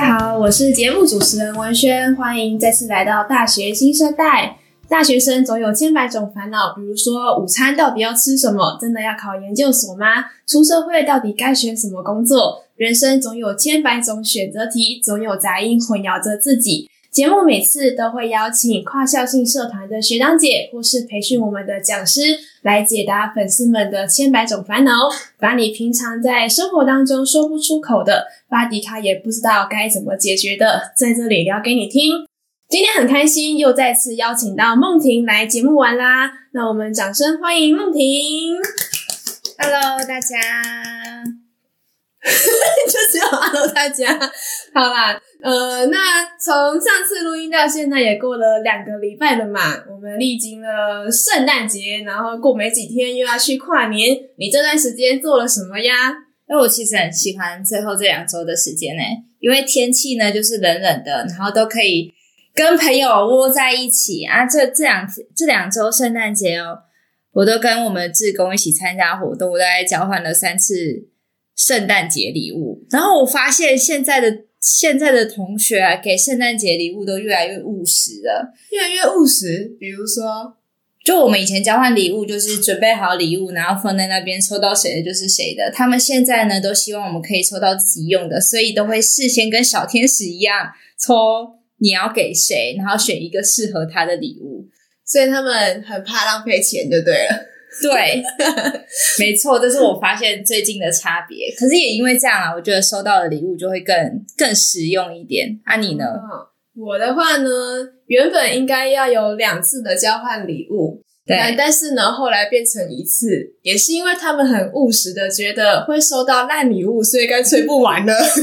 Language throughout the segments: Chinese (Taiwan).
大家好，我是節目主持人文軒，歡迎再次來到《大學新生代》。大學生總有千百種煩惱，比如說午餐到底要吃什麼？真的要考研究所嗎？出社會到底該選什麼工作？人生總有千百種選擇題，總有雜音混淆着自己。節目每次都會邀請跨校性社團的學長姐，或是培訓我們的講師，來解答粉絲們的千百種煩惱，把你平常在生活當中說不出口的，巴迪卡也不知道該怎麼解決的，在這裡聊給你聽。今天很開心，又再次邀請到孟葶來節目玩啦！那我們掌聲歡迎孟葶。Hello，大家。 就只有 Hello 大家，好啦，呃，那從上次錄音到現在也過了兩個禮拜了嘛，我們歷經了聖誕節，然後過沒幾天又要去跨年，你這段時間做了什麼呀？那我其實很喜歡最後這兩週的時間呢，欸，因為天氣呢就是冷冷的，然後都可以跟朋友窩在一起啊。這這兩這兩週聖誕節哦，我都跟我們志工一起參加活動，我都大概交換了三次聖誕節禮物，然後我發現現在的現在的同學啊，給聖誕節禮物都越來越務實了，越來越務實。比如說，就我們以前交換禮物，就是準備好禮物，然後放在那邊，抽到誰的就是誰的。他們現在呢，都希望我們可以抽到自己用的，所以都會事先跟小天使一樣，抽你要給誰，然後選一個適合他的禮物。嗯。所以他們很怕浪費錢，就對了。對， 沒錯，這是我發現最近的差別。可是也因為這樣啊，我覺得收到的禮物就會更更實用一點。那，啊，你呢？哦，我的話呢，原本應該要有兩次的交換禮物。但對但是呢，後來變成一次，也是因為他們很務實的，覺得會收到爛禮物，所以乾脆不玩了，就， 就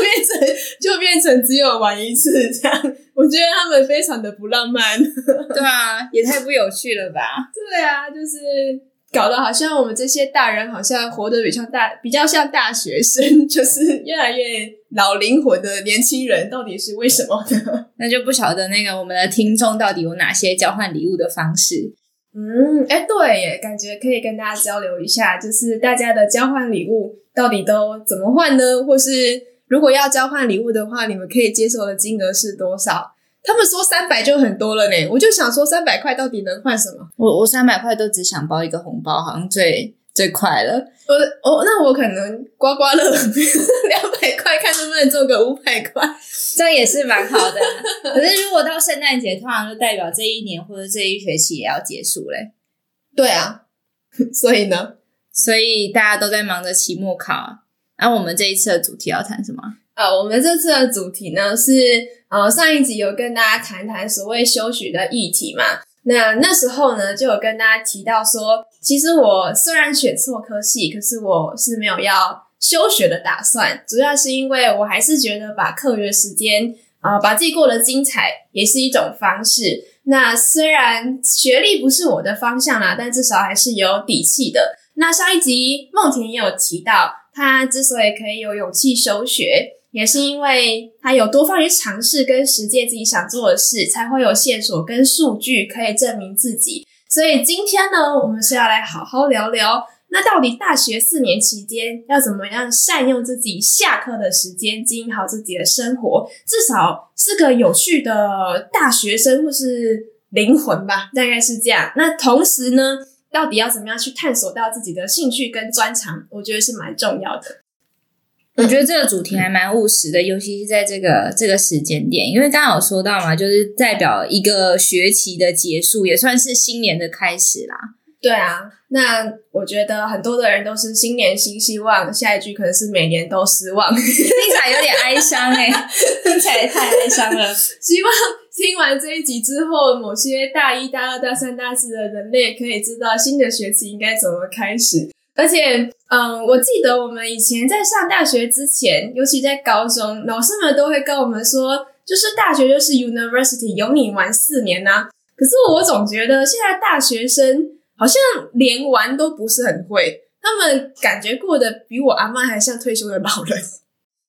變成就變成只有玩一次這樣。我覺得他們非常的不浪漫，對啊，也太不有趣了吧？對啊，就是。搞得好像我們這些大人好像活得比較大，比較像大學生，就是越來越老靈魂的年輕人，到底是為什麼呢？ 那就不曉得那個我們的聽眾到底有哪些交換禮物的方式。嗯，哎、欸，對耶，感覺可以跟大家交流一下，就是大家的交換禮物到底都怎麼換呢？或是如果要交換禮物的話，你們可以接受的金額是多少？他們說三百就很多了嘞，我就想說三百塊到底能換什麼？我我三百塊都只想包一個紅包，好像最最快了。我我、哦，那我可能刮刮樂兩百塊，看能不能做個五百塊，這樣也是蠻好的。 可是如果到聖誕節，通常就代表這一年或者這一學期也要結束嘞。對啊，所以呢，所以大家都在忙着期末考啊。那、啊、我們這一次的主題要談什麼？呃，我們這次的主題呢是呃上一集有跟大家談談所謂休學的議題嘛。那那時候呢就有跟大家提到說，其實我雖然選錯科系，可是我是沒有要休學的打算，主要是因為我還是覺得把課餘時間啊、呃、把自己過得精彩也是一種方式。那雖然學歷不是我的方向啦，但至少還是有底氣的。那上一集孟葶也有提到，她之所以可以有勇氣休學。也是因為他有多方於嘗試跟實踐自己想做的事，才會有線索跟數據可以證明自己。所以今天呢，我們是要來好好聊聊，那到底大學四年期間要怎麼樣善用自己下課的時間，經營好自己的生活，至少是個有趣的大學生或是靈魂吧，大概是這樣。那同時呢，到底要怎麼樣去探索到自己的興趣跟專長，我覺得是蠻重要的。我覺得這個主題還蠻務實的，尤其是在這個這個時間點，因為剛剛有說到嘛，就是代表一個學期的結束，也算是新年的開始啦。對啊，那我覺得很多的人都是新年新希望，下一句可能是每年都失望， 聽起來有點哀傷哎、欸， 聽起來也太哀傷了。 希望聽完這一集之後，某些大一、大二、大三、大四的人類可以知道新的學期應該怎麼開始。而且，嗯，我記得我們以前在上大學之前，尤其在高中，老師們都會跟我們說，就是大學就是 university，有你玩四年呢、啊。可是我總覺得現在大學生好像連玩都不是很會，他們感覺過得比我阿媽還像退休的老人。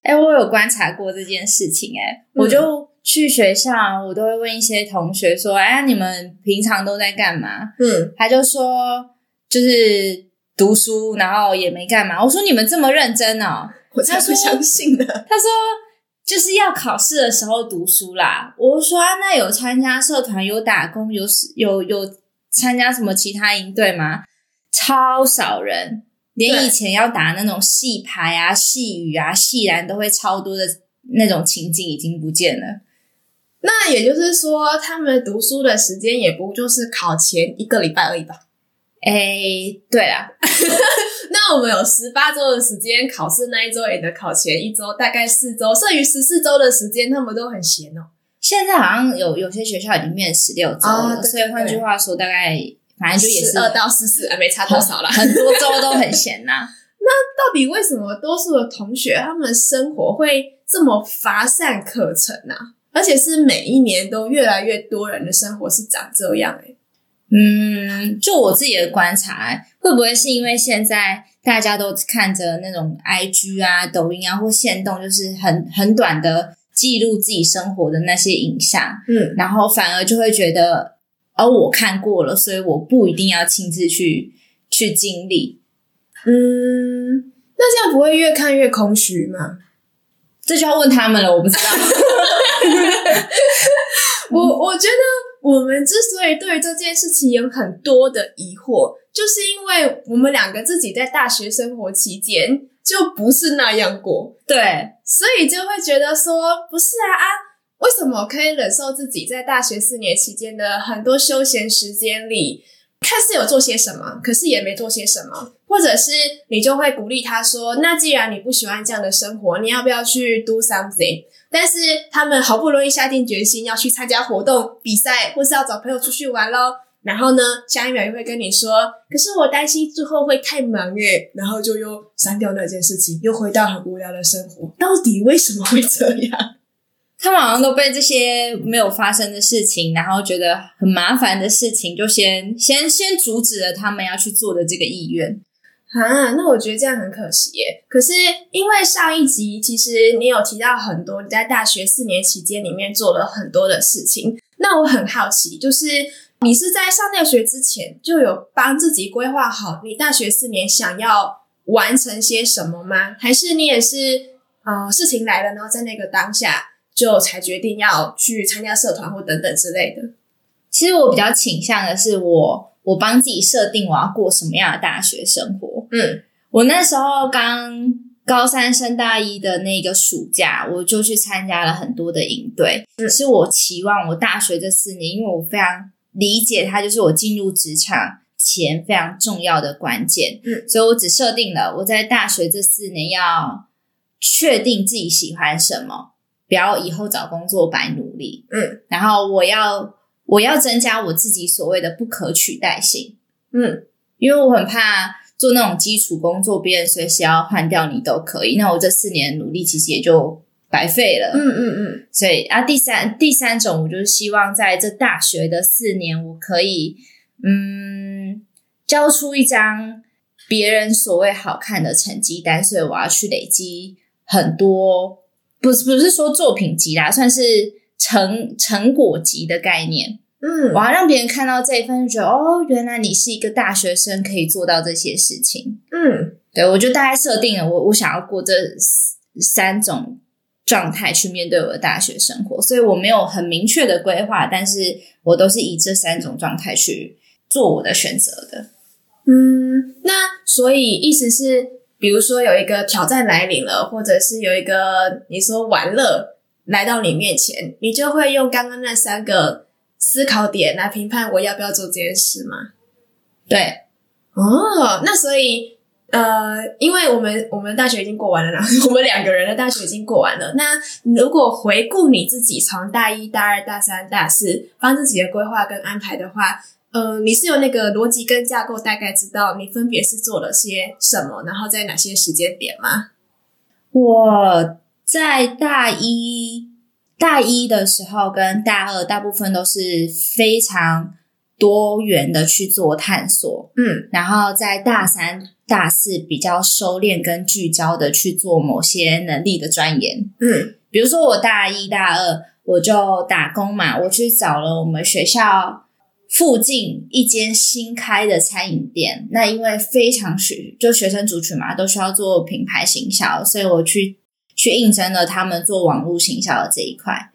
哎、欸，我有觀察過這件事情、欸，哎、嗯，我就去學校，我都會問一些同學說，哎、啊，你們平常都在幹嘛？嗯，他就說，就是。讀書，然後也沒幹嘛。我說你們這麼認真哦，我才不相信呢。他說就是要考試的時候讀書啦。我說，啊，那有參加社團，有打工，有有有參加什麼其他營隊嗎？超少人，連以前要打那種系排啊，系羽啊，系籃都會超多的那種情景已經不見了。那也就是說，他們讀書的時間也不就是考前一個禮拜而已吧？哎、欸，對了， 那我們有十八週的時間，考試那一週也能考前一週，大概四週，剩餘十四週的時間，他們都很閒哦、喔。現在好像有有些學校已經變十六週了，哦、對對對，所以換句話說，大概反正就也是二到十四啊，沒差多少啦。很多週都很閒吶、啊。 那到底為什麼多數的同學他們的生活會這麼乏善可陳呢？而且是每一年都越來越多人的生活是長這樣、欸，誒嗯，就我自己的觀察，會不會是因為現在大家都看着那種 IG 啊、抖音啊或限動，就是很很短的記錄自己生活的那些影像，嗯，然後反而就會覺得，哦，我看過了，所以我不一定要親自去去經歷。嗯，那這樣不會越看越空虛嗎？這就要問他們了，我不知道。 我我覺得。我們之所以對於這件事情有很多的疑惑，就是因為我們兩個自己在大學生活期間就不是那樣過，對，所以就會覺得說不是啊啊，為什麼可以忍受自己在大學四年期間的很多休閒時間裡，看似有做些什麼，可是也沒做些什麼，或者是你就會鼓勵他說，那既然你不喜歡這樣的生活，你要不要去 do something？但是他們好不容易下定決心要去參加活動、比賽，或是要找朋友出去玩嘍。然後呢，下一秒又會跟你說：“可是我擔心最後會太忙耶！”然後就又刪掉那件事情，又回到很無聊的生活。到底為什麼會這樣？ 他們好像都被這些沒有發生的事情，然後覺得很麻煩的事情，就先先先阻止了他們要去做的這個意願。啊，那我覺得這樣很可惜耶。可是因為上一集其實你有提到很多你在大學四年期間裡面做了很多的事情，那我很好奇，就是你是在上大學之前就有幫自己規劃好你大學四年想要完成些什麼嗎？還是你也是，呃，事情來了，然後在那個當下就才決定要去參加社團或等等之類的？其實我比較傾向的是我。我幫自己設定我要過什麼樣的大學生活。嗯，我那時候剛高三升大一的那個暑假，我就去參加了很多的營隊，就、嗯、是我期望我大學這四年，因為我非常理解它，就是我進入職場前非常重要的關鍵。嗯，所以我只設定了我在大學這四年要確定自己喜歡什麼，不要以後找工作白努力。嗯，然後我要。我要增加我自己所謂的不可取代性，嗯，因為我很怕做那種基礎工作，別人隨時要換掉你都可以，那我這四年努力其實也就白費了，嗯嗯嗯。嗯嗯，所以啊，第，第三第三種，我就是希望在這大學的四年，我可以嗯交出一張別人所謂好看的成績單，所以我要去累積很多，不是不是說作品集啦，算是。成成果集的概念，嗯，我要讓別人看到這一份就覺得，哦，原來你是一個大學生可以做到這些事情，嗯，對，我就大概設定了，我我想要過這三種狀態去面對我的大學生活，所以我沒有很明確的規劃，但是我都是以這三種狀態去做我的選擇的，嗯，那所以意思是，比如說有一個挑戰來臨了，或者是有一個你說玩樂。來到你面前，你就會用剛剛那三個思考點來評判我要不要做這件事嗎？對，哦，那所以，呃，因為我們我們大學已經過完了啦， 然後我們兩個人的大學已經過完了。那如果回顧你自己從大一、大二、大三、大四幫自己的規劃跟安排的話，呃，你是有那個邏輯跟架構大概知道你分別是做了些什麼，然後在哪些時間點嗎？我。在大一、大一的時候跟大二，大部分都是非常多元的去做探索，嗯，然後在大三、大四比較收斂跟聚焦的去做某些能力的鑽研，嗯，比如說我大一大二我就打工嘛，我去找了我們學校附近一間新開的餐飲店，那因為非常學，就學生族群嘛，都需要做品牌形象，所以我去。去應徵了他們做網絡行銷的這一塊，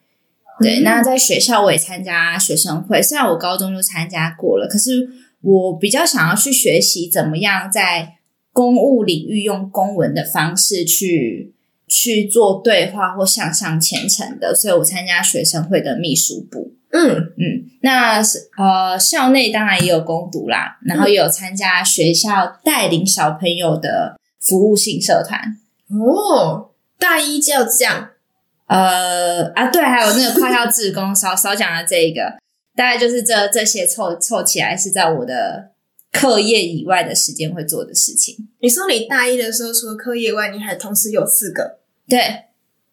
對。那在學校我也參加學生會，雖然我高中就參加過了，可是我比較想要去學習怎麼樣在公務領域用公文的方式去去做對話或向上陳情的，所以我參加學生會的秘書部。嗯嗯，那呃，校內當然也有工讀啦，然後也有參加學校帶領小朋友的服務性社團、嗯、哦。大一就這樣，呃啊，對，還有那個跨校志工， 少少講了這一個，大概就是這這些湊湊起來是在我的課業以外的時間會做的事情。你說你大一的時候，除了課業外，你還同時有四個？對，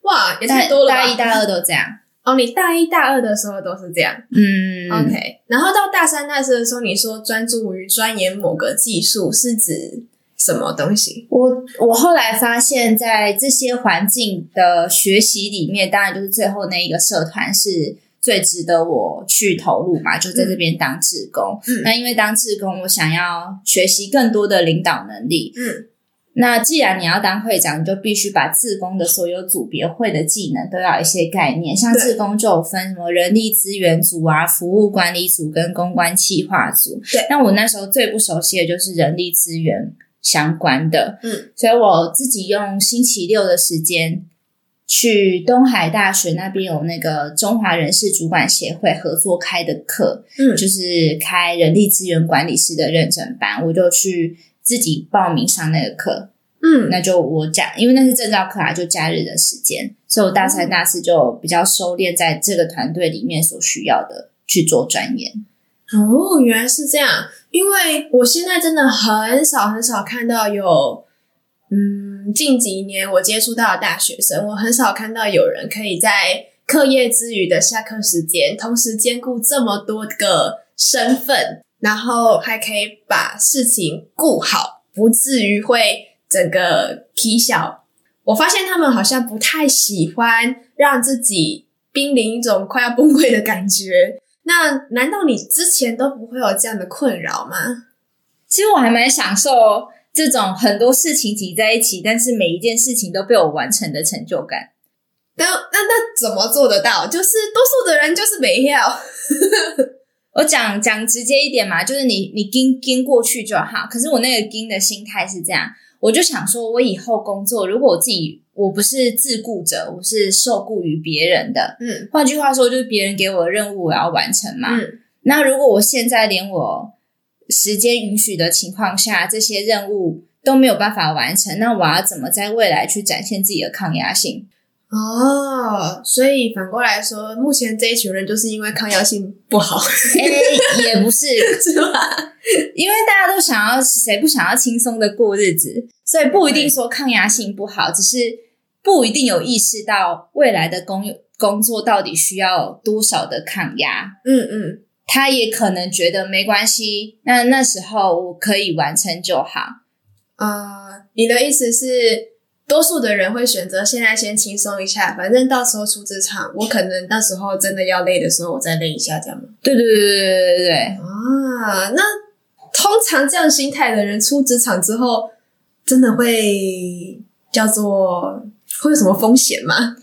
哇，也太多了。大一大二都這樣哦？你大一大二的時候都是這樣？嗯，OK。然後到大三、大四的時候，你說專注於鑽研某個技術，是指？什麼東西？我我後來發現，在這些環境的學習裡面，當然就是最後那一個社團是最值得我去投入嘛，就在這邊當志工。嗯，那因為當志工，我想要學習更多的領導能力。嗯，那既然你要當會長，你就必須把志工的所有組別會的技能都要一些概念。像志工就分什麼人力資源組啊、服務管理組跟公關企劃組。對、嗯，那我那時候最不熟悉的就是人力資源。相關的，嗯，所以我自己用星期六的時間去東海大學那邊，有那個中華人事主管協會合作開的課，嗯，就是開人力資源管理師的認證班，我就去自己報名上那個課，嗯，那就我假，因為那是證照課啊，就假日的時間，所以我大三大四就比較收斂在這個團隊裡面所需要的去做專研。哦，原來是這樣。因為我現在真的很少很少看到有，嗯，近幾年我接觸到的大學生，我很少看到有人可以在課業之餘的下課時間，同時兼顧這麼多個身份，然後還可以把事情顧好，不至於會整個 K 小。我發現他們好像不太喜歡讓自己瀕臨一種快要崩潰的感覺。那難道你之前都不會有這樣的困擾嗎？其實我還蠻享受這種很多事情擠在一起，但是每一件事情都被我完成的成就感。但那那怎麼做得到？就是多數的人就是沒有。 我講講直接一點嘛，就是你你撐撐過去就好。可是我那個撐的心態是這樣，我就想說，我以後工作如果我自己。我不是自僱者，我是受僱於別人的。嗯，換句話說，就是別人給我的任務我要完成嘛。嗯，那如果我現在連我時間允許的情況下，這些任務都沒有辦法完成，那我要怎麼在未來去展現自己的抗壓性？哦，所以反過來說，目前這一群人就是因為抗壓性不好、 欸？也不是，是吧？ 因為大家都想要，誰不想要輕鬆的過日子？所以不一定說抗壓性不好，對只是。不一定有意識到未來的工工作，到底需要多少的抗壓，嗯嗯，嗯，他也可能覺得沒關係，那那時候我可以完成就好。呃，你的意思是，多數的人會選擇現在先輕鬆一下，反正到時候出職場，我可能到時候真的要累的時候，我再累一下，這樣嗎？對對對對對對對對。啊，那通常這樣心態的人出職場之後，真的會叫做。會有什麼風險嗎？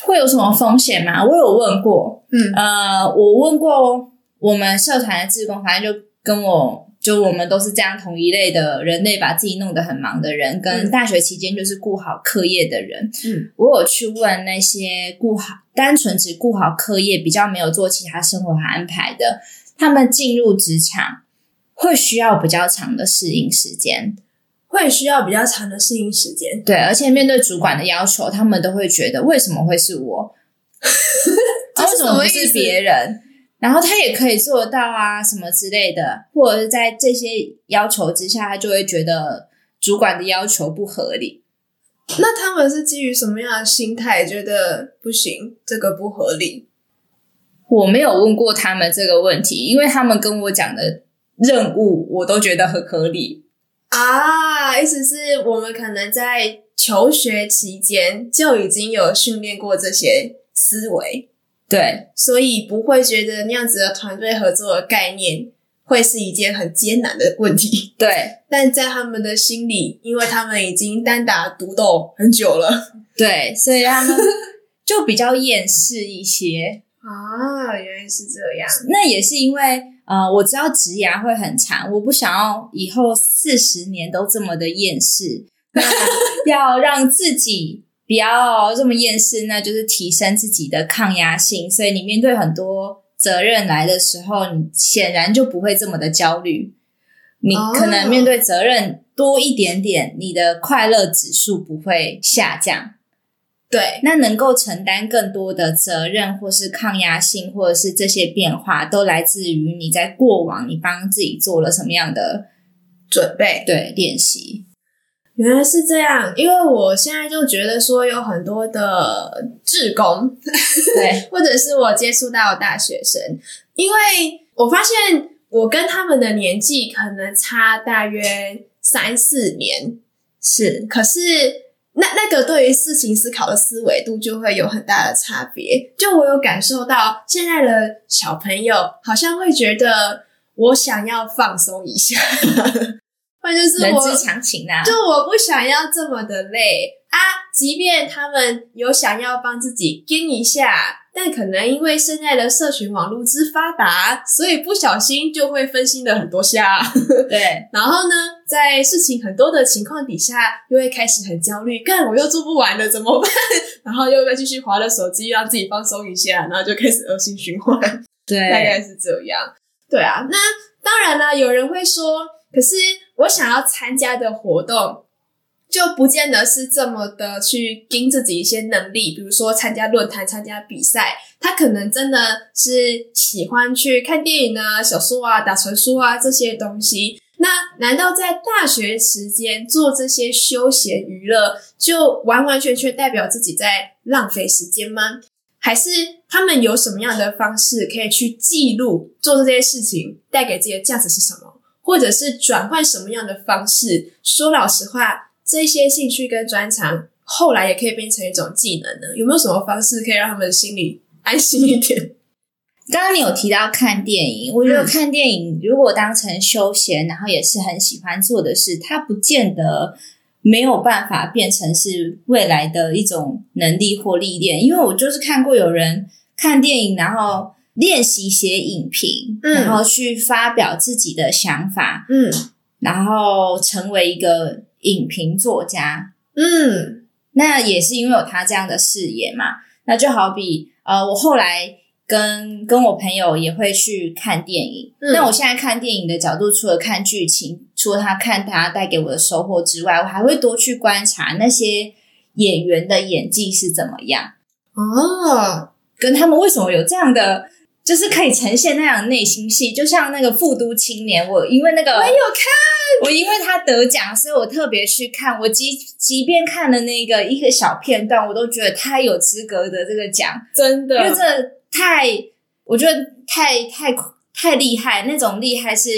會有什麼風險嗎？我有問過，嗯，呃，我問過我們社團的志工，反正就跟我就我們都是這樣同一類的人類，把自己弄得很忙的人，跟大學期間就是顧好課業的人，嗯，我有去問那些顧好，單純只顧好課業，比較沒有做其他生活安排的，他們進入職場會需要比較長的適應時間。會需要比較長的適應時間。對，而且面對主管的要求，他們都會覺得為什麼會是我？為 什麼會、哦、是別人？然後他也可以做到啊，什麼之類的，或者是在這些要求之下，他就會覺得主管的要求不合理。那他們是基於什麼樣的心態覺得不行，這個不合理？我沒有問過他們這個問題，因為他們跟我講的任務，我都覺得很合理。啊，意思是我們可能在求學期間就已經有訓練過這些思維，對，所以不會覺得那樣子的團隊合作的概念會是一件很艱難的問題，對。但在他們的心裡，因為他們已經單打獨鬥很久了，對，所以他們就比較厭世一些啊。原來是這樣，那也是因為。啊、呃，我知道職涯會很長，我不想要以後四十年都這麼的厭世。那要讓自己不要這麼厭世，那就是提升自己的抗壓性。所以你面對很多責任來的時候，你顯然就不會這麼的焦慮。你可能面對責任多一點點，你的快樂指數不會下降。對，那能夠承擔更多的責任，或是抗壓性，或者是這些變化，都來自於你在過往你幫自己做了什麼樣的準備，對，練習。原來是這樣，因為我現在就覺得說有很多的志工，對，或者是我接觸到的大學生，因為我發現我跟他們的年紀可能差大約三四年，是，可是那那個對於事情思考的思維度就會有很大的差別。就我有感受到，現在的小朋友好像會覺得，我想要放鬆一下， 或者是我、人之常情啊、就我不想要這麼的累啊。即便他們有想要幫自己 g n 一下，但可能因為現在的社群網絡之發達，所以不小心就會分心了很多下、啊。 對，然後呢？在事情很多的情況底下，又會開始很焦慮。幹，我又做不完了，怎麼辦？然後又會繼續滑着手機，讓自己放鬆一下，然後就開始惡性循環。對，大概是這樣。對啊，那當然啦，有人會說，可是我想要參加的活動，就不見得是這麼的去盯自己一些能力，比如說參加論壇、參加比賽，他可能真的是喜歡去看電影啊、小說啊、打傳說啊這些東西。那難道在大學時間做這些休閒娛樂，就完完全全代表自己在浪費時間嗎？還是他們有什麼樣的方式可以去記錄做這些事情帶給自己的價值是什麼？或者是轉換什麼樣的方式？說老實話，這些興趣跟專長後來也可以變成一種技能呢？有沒有什麼方式可以讓他們心裡安心一點？剛剛你有提到看電影，我覺得看電影如果當成休閒，然後也是很喜歡做的事，它不見得沒有辦法變成是未來的一種能力或歷練。因為我就是看過有人看電影，然後練習寫影評，然後去發表自己的想法，嗯，然後成為一個影評作家，嗯，那也是因為有他這樣的視野嘛。那就好比呃，我後來。跟跟我朋友也會去看電影，嗯。那我現在看電影的角度，除了看劇情，除了他看他帶給我的收穫之外，我還會多去觀察那些演員的演技是怎麼樣。哦，跟他們為什麼有這樣的，就是可以呈現那樣的內心戲？就像那個《富都青年》，我因為那個我有看，我因為他得獎，所以我特別去看。我即即便看了那個一個小片段，我都覺得他有資格得這個獎，真的，因為這。太，我覺得太太太厲害，那種厲害是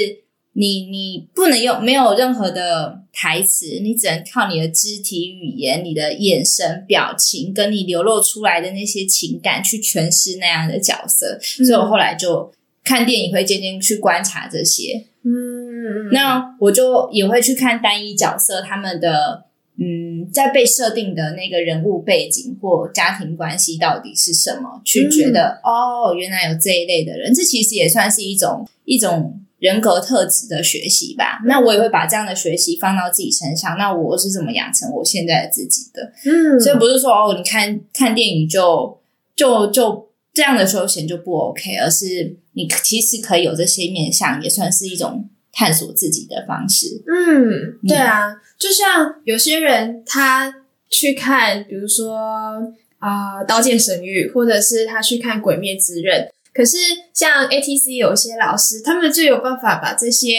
你你不能用沒有任何的台詞，你只能靠你的肢體語言、你的眼神、表情跟你流露出來的那些情感去詮釋那樣的角色。的所以我後來就看電影會漸漸去觀察這些，嗯，那我就也會去看單一角色他們的。嗯，在被設定的那個人物背景或家庭關係到底是什麼？去覺得、嗯、哦，原來有這一類的人，這其實也算是一種一種人格特質的學習吧。那我也會把這樣的學習放到自己身上。那我是怎麼養成我現在的自己的？嗯，所以不是說哦，你看，看電影就就就這樣的休閒就不 OK，而是你其實可以有這些面向，也算是一種。探索自己的方式，嗯，對啊，就像有些人他去看，比如說啊、呃《刀劍神域》，或者是他去看《鬼滅之刃》，可是像 ATC 有些老師，他們就有辦法把這些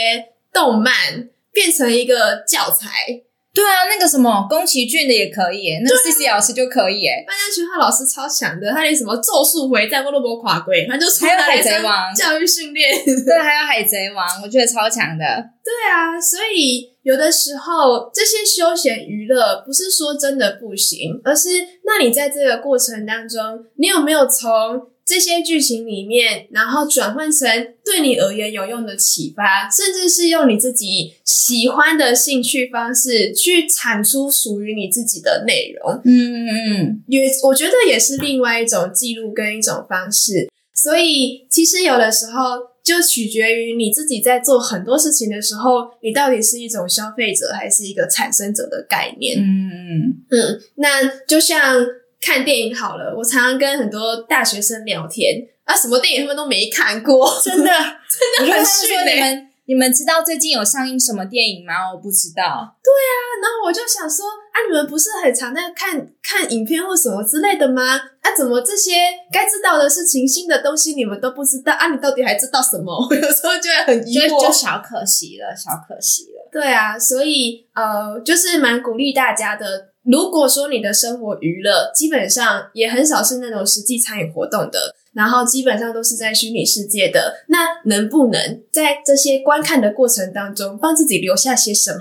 動漫變成一個教材。對啊，那個什麼宮崎駿的也可以，那 C C 老師就可以誒，范家渠他老師超強的，他連什麼咒術回戰，那洛垮卡龜，他就他還有海賊王教育訓練， 對啊，還有海賊王，我覺得超強的。對啊，所以有的時候這些休閒娛樂不是說真的不行，而是那你在這個過程當中，你有沒有從？這些劇情裡面，然後轉換成對你而言有用的啟發，甚至是用你自己喜歡的興趣方式去產出屬於你自己的內容。嗯嗯，嗯也我覺得也是另外一種記錄跟一種方式。所以其實有的時候就取決於你自己在做很多事情的時候，你到底是一種消費者還是一個產生者的概念。嗯嗯嗯，那就像。看電影好了，我常常跟很多大學生聊天啊，什麼電影他們都沒看過， 真的真的很遜。你、的你們你們知道最近有上映什麼電影嗎？我不知道。對啊，然後我就想說啊，你們不是很常在看看影片或什麼之類的嗎？啊，怎麼這些該知道的事情、新的東西你們都不知道啊？你到底還知道什麼？我有時候覺得很疑惑，就小可惜了，小可惜了。對啊，所以呃，就是蠻鼓勵大家的。如果說你的生活娛樂基本上也很少是那種實際參與活動的，然後基本上都是在虛擬世界的，那能不能在這些觀看的過程當中幫自己留下些什麼？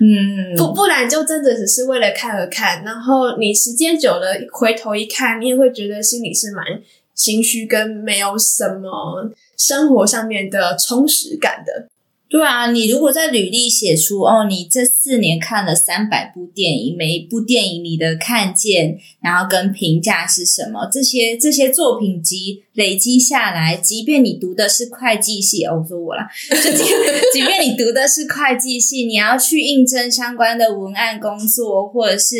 嗯，不不然就真的只是為了看而看，然後你時間久了回頭一看，你也會覺得心裡是蠻心虛跟沒有什麼生活上面的充實感的。對啊，你如果在履歷寫出哦，你這四年看了三百部電影，每一部電影你的看見，然後跟評價是什麼？這些這些作品集累積下來，即便你讀的是會計系，哦，我說我啦，就即， 即便你讀的是會計系，你要去應徵相關的文案工作或者是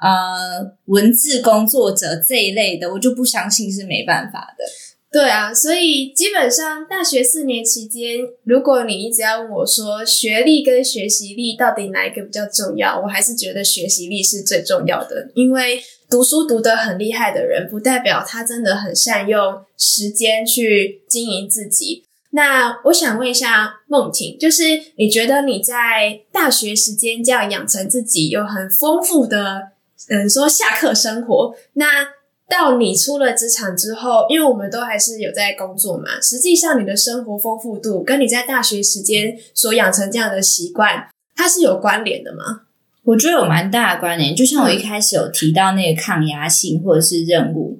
呃文字工作者這一類的，我就不相信是沒辦法的。對啊，所以基本上大學四年期間，如果你一直要問我說，學歷跟學習力到底哪一個比較重要，我還是覺得學習力是最重要的。因為讀書讀得很厲害的人，不代表他真的很善用時間去經營自己。那我想問一下孟葶，就是你覺得你在大學時間這樣養成自己有很豐富的，嗯，說下課生活，那，到你出了職場之後，因為我們都還是有在工作嘛，實際上你的生活豐富度跟你在大學時間所養成這樣的習慣，它是有關聯的嗎？我覺得有蠻大的關聯。就像我一開始有提到那個抗壓性或者是任務，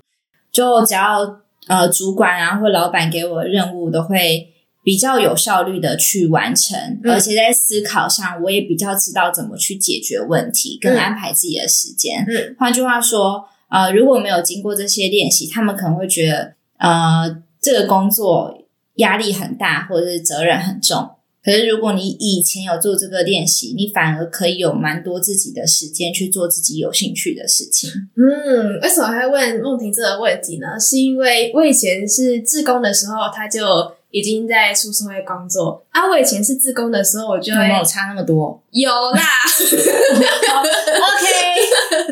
就只要呃主管啊或老闆給我的任務，都會比較有效率的去完成，嗯、而且在思考上，我也比較知道怎麼去解決問題，跟安排自己的時間。嗯，嗯換句話說。啊、呃，如果沒有經過這些練習，他們可能會覺得，呃，這個工作壓力很大，或者是責任很重。可是如果你以前有做這個練習，你反而可以有蠻多自己的時間去做自己有興趣的事情。嗯，為什麼還問孟葶這個問題呢？是因為我以前是志工的時候，他就。已經在出社會工作啊！我以前是志工的時候，我就沒有差那麼多。有啦、 oh, OK。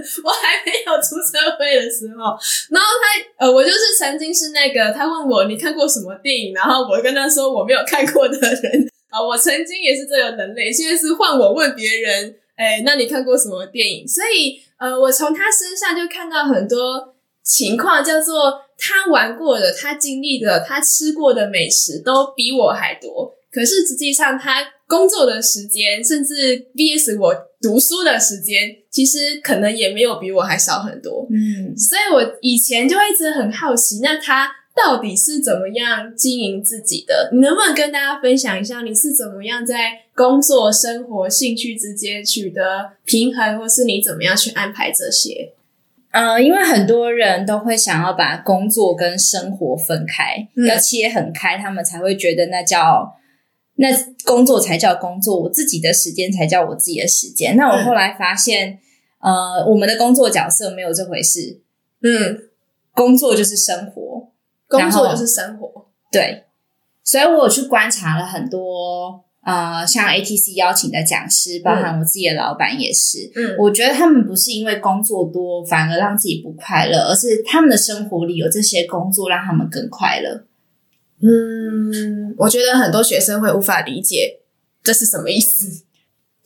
我還沒有出社會的時候，然後他呃，我就是曾經是那個他問我你看過什麼電影，然後我跟他說我沒有看過的人啊、呃，我曾經也是這種人類。現在是換我問別人，誒、欸、那你看過什麼電影？所以呃，我從他身上就看到很多情況叫做他玩過的、他經歷的、他吃過的美食都比我還多，可是實際上他工作的時間甚至 VS 我讀書的時間，其實可能也沒有比我還少很多。嗯，所以我以前就一直很好奇，那他到底是怎麼樣經營自己的？你能不能跟大家分享一下，你是怎麼樣在工作、生活、興趣之間取得平衡，或是你怎麼樣去安排這些？嗯、呃，因為很多人都會想要把工作跟生活分開，嗯、要切很開，他們才會覺得那叫那工作才叫工作，我自己的時間才叫我自己的時間。那我後來發現，嗯、呃，我們的工作角色沒有這回事。嗯，工作就是生活，工作就是生活。對，所以我有去觀察了很多。啊、呃，像 ATC 邀請的講師，包含我自己的老闆也是。嗯，我覺得他們不是因為工作多，反而讓自己不快樂，而是他們的生活裡有這些工作讓他們更快樂。嗯，我覺得很多學生會無法理解這是什麼意思，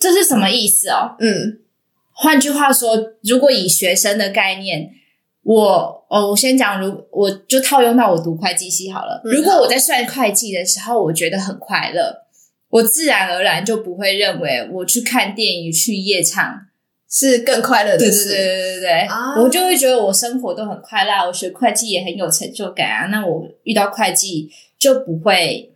這是什麼意思哦？嗯，換句話說，如果以學生的概念，我哦，我先講，如我就套用到我讀會計系好了。嗯、如果我在算會計的時候，我覺得很快樂。我自然而然就不會認為我去看電影、去夜唱是更快樂的事。對對對對對對，啊、我就會覺得我生活都很快樂，我學會計也很有成就感啊。那我遇到會計就不會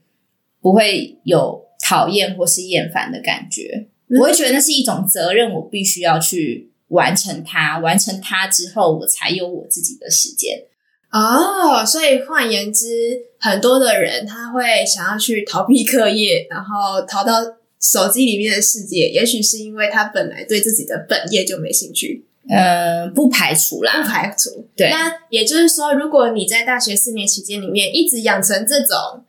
不會有討厭或是厭煩的感覺，我會覺得那是一種責任，我必須要去完成它，完成它之後我才有我自己的時間。哦，oh, 所以換言之，很多的人他會想要去逃避課業，然後逃到手機裡面的世界。也許是因為他本來對自己的本業就沒興趣，mm hmm. 呃，不排除啦，不排除。對，那也就是說，如果你在大學四年期間裡面一直養成這種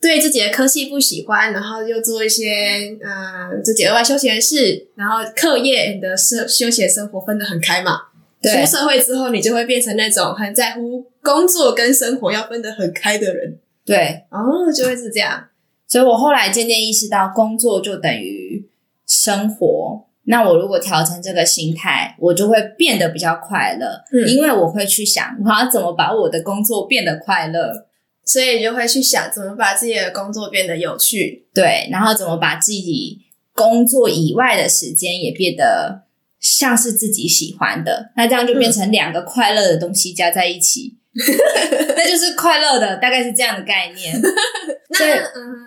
對自己的科系不喜歡，然後又做一些嗯、呃、自己額外休閒的事，然後課業你的 d 休閒生活分得很開嘛。出，對，社會之後，你就會變成那種很在乎工作跟生活要分得很開的人。對，哦，就會是這樣。所以我後來漸漸意識到，工作就等於生活。那我如果調成這個心態，我就會變得比較快樂，嗯，因為我會去想，我要怎麼把我的工作變得快樂，所以你就會去想怎麼把自己的工作變得有趣。對，然後怎麼把自己工作以外的時間也變得。像是自己喜歡的，那這樣就變成兩個快樂的東西加在一起，嗯、 那就是快樂的，大概是這樣的概念。 以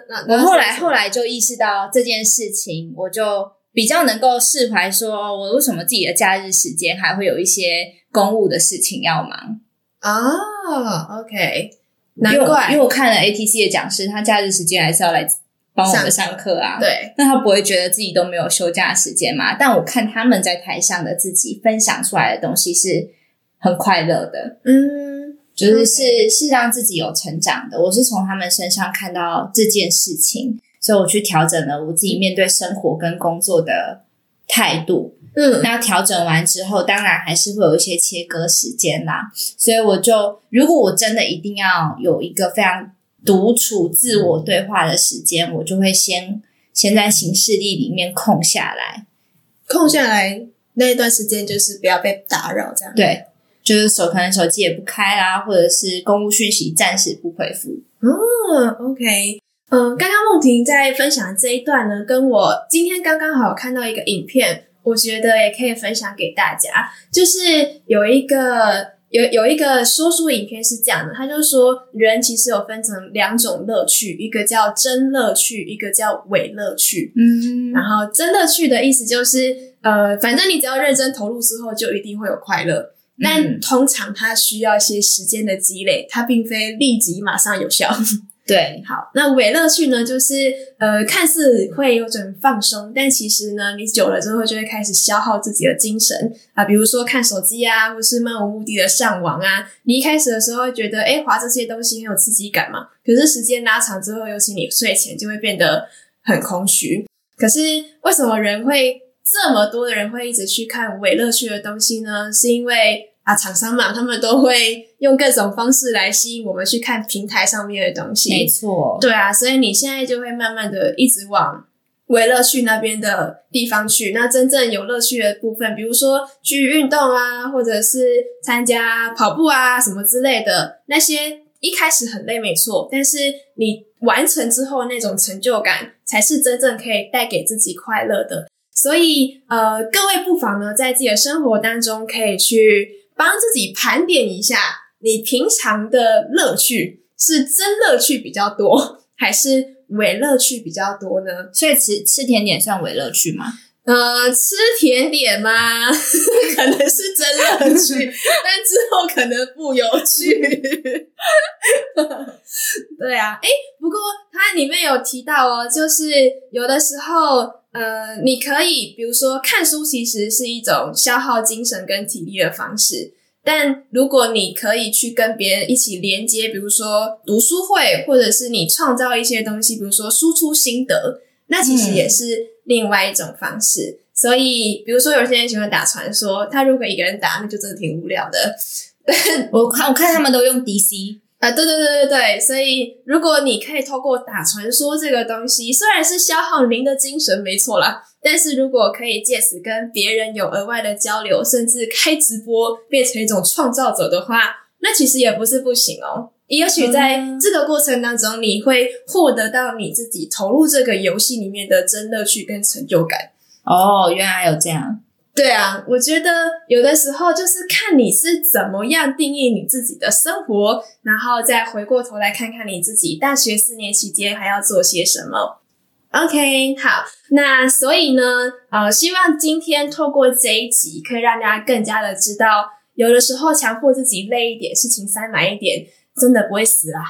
那我後來後來就意識到這件事情，我就比較能夠釋懷，說我為什麼自己的假日時間還會有一些公務的事情要忙啊、哦、？OK，難怪，因為我看了 ATC 的講師，他假日時間還是要來。幫我們上課啊？對，那他不會覺得自己都沒有休假時間嘛？但我看他們在台上的自己分享出來的東西是很快樂的，嗯，就是是 Okay. 是讓自己有成長的。我是從他們身上看到這件事情，所以我去調整了我自己面對生活跟工作的態度。嗯，那調整完之後，當然還是會有一些切割時間啦。所以我就，如果我真的一定要有一個非常。獨處、自我對話的時間，嗯、我就會先先在行事曆裡面空下來，空下來那一段時間就是不要被打擾，這樣。對，就是手可能手機也不開啦，或者是公務訊息暫時不回復。哦，OK，嗯，剛剛孟葶在分享這一段呢，跟我今天剛剛好看到一個影片，我覺得也可以分享給大家，就是有一個。有有一個說書影片是這樣的，他就說人其實有分成兩種樂趣，一個叫真樂趣，一個叫偽樂趣。嗯，然後真樂趣的意思就是，呃，反正你只要認真投入之後，就一定會有快樂。但通常它需要一些時間的積累，它並非立即馬上有效。對，好，那偽樂趣呢？就是，呃，看似會有種放鬆，但其實呢，你久了之後就會開始消耗自己的精神啊，比如說看手機啊，或是漫無目的的上網啊。你一開始的時候會覺得，誒，滑這些東西很有刺激感嘛。可是時間拉長之後，尤其你睡前就會變得很空虛。可是為什麼人會這麼多的人會一直去看偽樂趣的東西呢？是因為。啊，廠商嘛，他們都會用各種方式來吸引我們去看平台上面的東西。沒錯，對啊，所以你現在就會慢慢的一直往為樂趣那邊的地方去。那真正有樂趣的部分，比如說去運動啊，或者是參加跑步啊什麼之類的，那些一開始很累，沒錯，但是你完成之後那種成就感，才是真正可以帶給自己快樂的。所以，呃，各位不妨呢，在自己的生活當中可以去。幫自己盤點一下，你平常的樂趣是真樂趣比較多，還是偽樂趣比較多呢？所以吃吃甜點算偽樂趣嗎？呃，吃甜點嗎？ 可能是真樂趣， 但之後可能不有趣。 對啊，哎、欸，不過它裡面有提到哦，就是有的時候。呃，你可以比如說看書，其實是一種消耗精神跟體力的方式。但如果你可以去跟別人一起連接，比如說讀書會，或者是你創造一些東西，比如說輸出心得，那其實也是另外一種方式。嗯。所以，比如說有些人喜歡打傳說，他如果一個人打，那就真的挺無聊的。我我看 我看他們都用 DC。啊，對對對對對，所以如果你可以透過打傳說這個東西，雖然是消耗您的精神，沒錯啦，但是如果可以借此跟別人有額外的交流，甚至開直播變成一種創造者的話，那其實也不是不行哦。也許在這個過程當中，嗯、你會獲得到你自己投入這個遊戲裡面的真樂趣跟成就感。哦，原來有這樣。對啊，我覺得有的時候就是看你是怎麼樣定義你自己的生活，然後再回過頭來看看你自己大學四年期間還要做些什麼。OK，好，那所以呢，呃，希望今天透過這一集，可以讓大家更加的知道，有的時候強迫自己累一點，事情塞滿一點，真的不會死啊。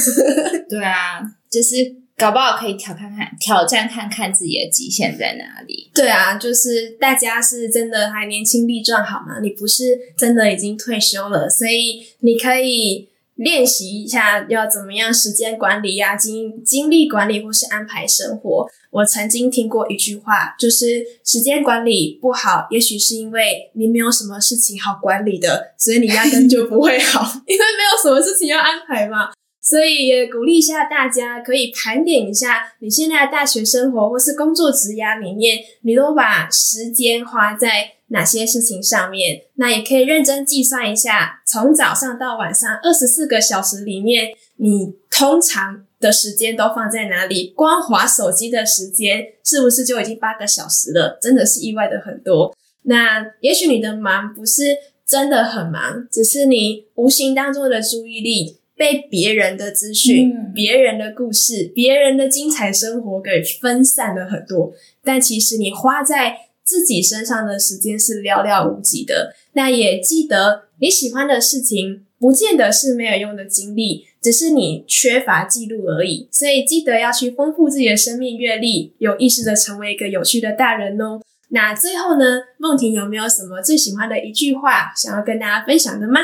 對啊，就是。搞不好可以挑看看，挑戰看看自己的極限在哪裡。對啊，就是大家是真的還年輕力壯，好嗎？你不是真的已經退休了，所以你可以練習一下要怎麼樣時間管理呀、啊、精精力管理或是安排生活。我曾經聽過一句話，就是時間管理不好，也許是因為你沒有什麼事情好管理的，所以你壓根就不會好， 因為沒有什麼事情要安排嘛。所以也鼓勵一下大家，可以盤點一下你現在的大學生活或是工作職涯裡面，你都把時間花在哪些事情上面。那也可以認真計算一下，從早上到晚上二十四個小時裡面，你通常的時間都放在哪裡？光滑手機的時間是不是就已經八個小時了？真的是意外的很多。那也許你的忙不是真的很忙，只是你無形當中的注意力。被別人的資訊、嗯、別人的故事、別人的精彩生活給分散了很多，但其實你花在自己身上的時間是寥寥無幾的。那也記得你喜歡的事情，不見得是沒有用的經歷，只是你缺乏記錄而已。所以記得要去豐富自己的生命閱歷，有意識的成為一個有趣的大人哦。那最後呢，孟葶有沒有什麼最喜歡的一句話想要跟大家分享的嗎？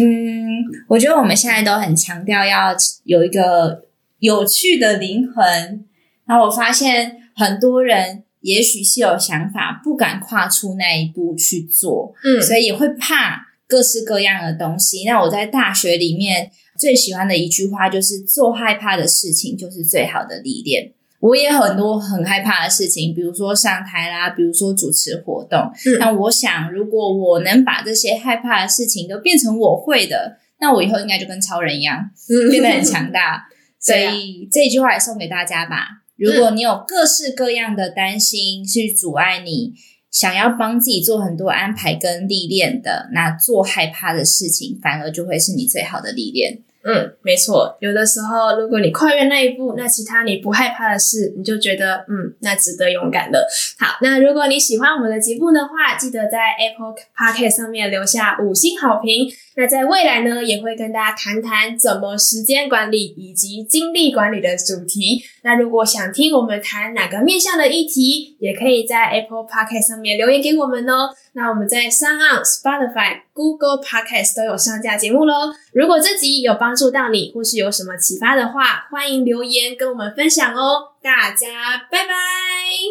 嗯，我覺得我們現在都很強調要有一個有趣的靈魂。然後我發現很多人也許是有想法，不敢跨出那一步去做，嗯，所以也會怕各式各樣的東西。那我在大學裡面最喜歡的一句話就是：做害怕的事情，就是最好的歷練。我也有很多很害怕的事情，比如說上台啦，比如說主持活動。但、嗯、我想，如果我能把這些害怕的事情都變成我會的，那我以後應該就跟超人一樣，變得很強大。嗯、所以，這樣，這一句話也送給大家吧：如果你有各式各樣的擔心去阻礙你想要幫自己做很多安排跟歷練的，那做害怕的事情反而就會是你最好的歷練。嗯，沒錯。有的時候，如果你跨越那一步，那其他你不害怕的事，你就覺得，嗯，那值得勇敢的。好，那如果你喜歡我們的節目的話，記得在 Apple Podcast 上面留下五星好評。那在未來呢，也會跟大家談談怎麼時間管理以及精力管理的主題。那如果想聽我們談哪個面向的議題，也可以在 Apple Podcast 上面留言給我們哦。那我們在 SoundOn、Spotify、Google Podcast 都有上架節目嘍。如果這集有幫助到你，或是有什麼啟發的話，歡迎留言跟我們分享哦。大家拜拜，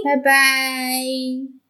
拜拜。拜拜。